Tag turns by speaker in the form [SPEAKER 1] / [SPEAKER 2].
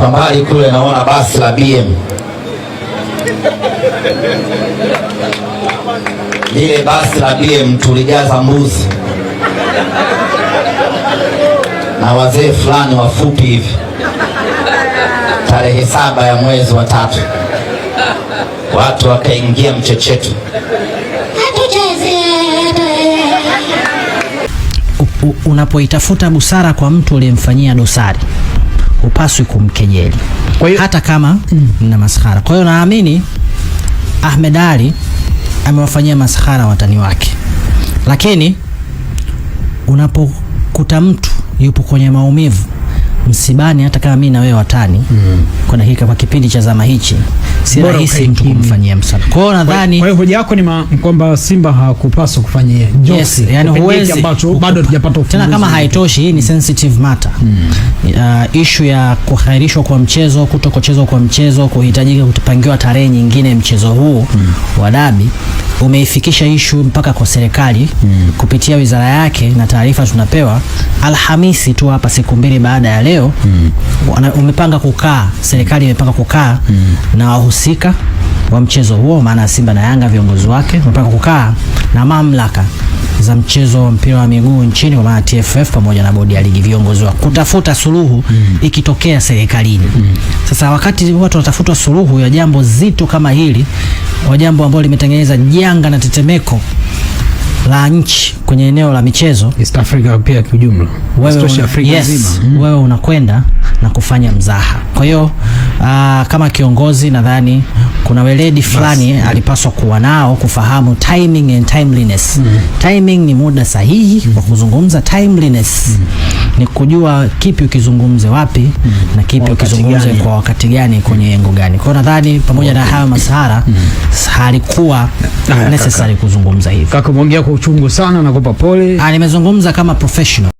[SPEAKER 1] kwa mbali kule naona basi la BM lile basi la BM tulijaza mbuzi na wazee fulani wafupi hivi, tarehe saba ya mwezi wa tatu watu wakaingia mchechetu
[SPEAKER 2] unapoitafuta busara kwa mtu uliyemfanyia dosari hupaswi kumkejeli hiyo hata kama mm, na maskhara. Kwa hiyo naamini Ahmed Ali amewafanyia maskhara watani wake, lakini unapokuta mtu yupo kwenye maumivu msibani, hata kama mimi na wewe watani mm. kwa dakika, kwa kipindi cha zama hichi si rahisi mtu kumfanyia msamaha. Kwa hiyo nadhani,
[SPEAKER 3] kwa hiyo hoja yako ni kwamba Simba hakupaswa kufanyia yes, yani huwezi, ambacho bado hatujapata
[SPEAKER 2] tena. Kama haitoshi, hii ni sensitive matter mm. Uh, issue ya kuhairishwa kwa mchezo, kutokuchezwa kwa mchezo, kuhitajika kupangiwa tarehe nyingine mchezo huu mm. wa dabi umeifikisha ishu mpaka kwa serikali mm. kupitia wizara yake, na taarifa tunapewa Alhamisi tu hapa siku mbili baada ya leo mm. umepanga kukaa, serikali imepanga kukaa mm. na wahusika wa mchezo huo, maana Simba na Yanga viongozi wake wamepanga kukaa na mamlaka za mchezo wa mpira wa miguu nchini kwa maana TFF pamoja na bodi ya ligi, viongozi wa kutafuta suluhu mm. ikitokea serikalini mm. Sasa wakati watu wanatafuta suluhu ya jambo zito kama hili, kwa jambo ambalo limetengeneza janga na tetemeko la nchi kwenye eneo la michezo
[SPEAKER 3] East Africa pia kwa ujumla, wewe, yes, mm. wewe unakwenda na kufanya mzaha.
[SPEAKER 2] Kwa hiyo ah, kama kiongozi nadhani kuna weledi fulani yes. alipaswa kuwa nao kufahamu timing and timeliness. Mm. Timing ni muda sahihi wa kuzungumza timeliness mm ni kujua kipi ukizungumze wapi mm -hmm. na kipi ukizungumze kwa wakati gani kwenye engo gani. Kwa nadhani pamoja okay. na haya masahara mm -hmm. halikuwa necessary kuzungumza hivi
[SPEAKER 3] Kaka, umeongea kwa uchungu sana, nakupa pole.
[SPEAKER 2] Ah, nimezungumza kama professional.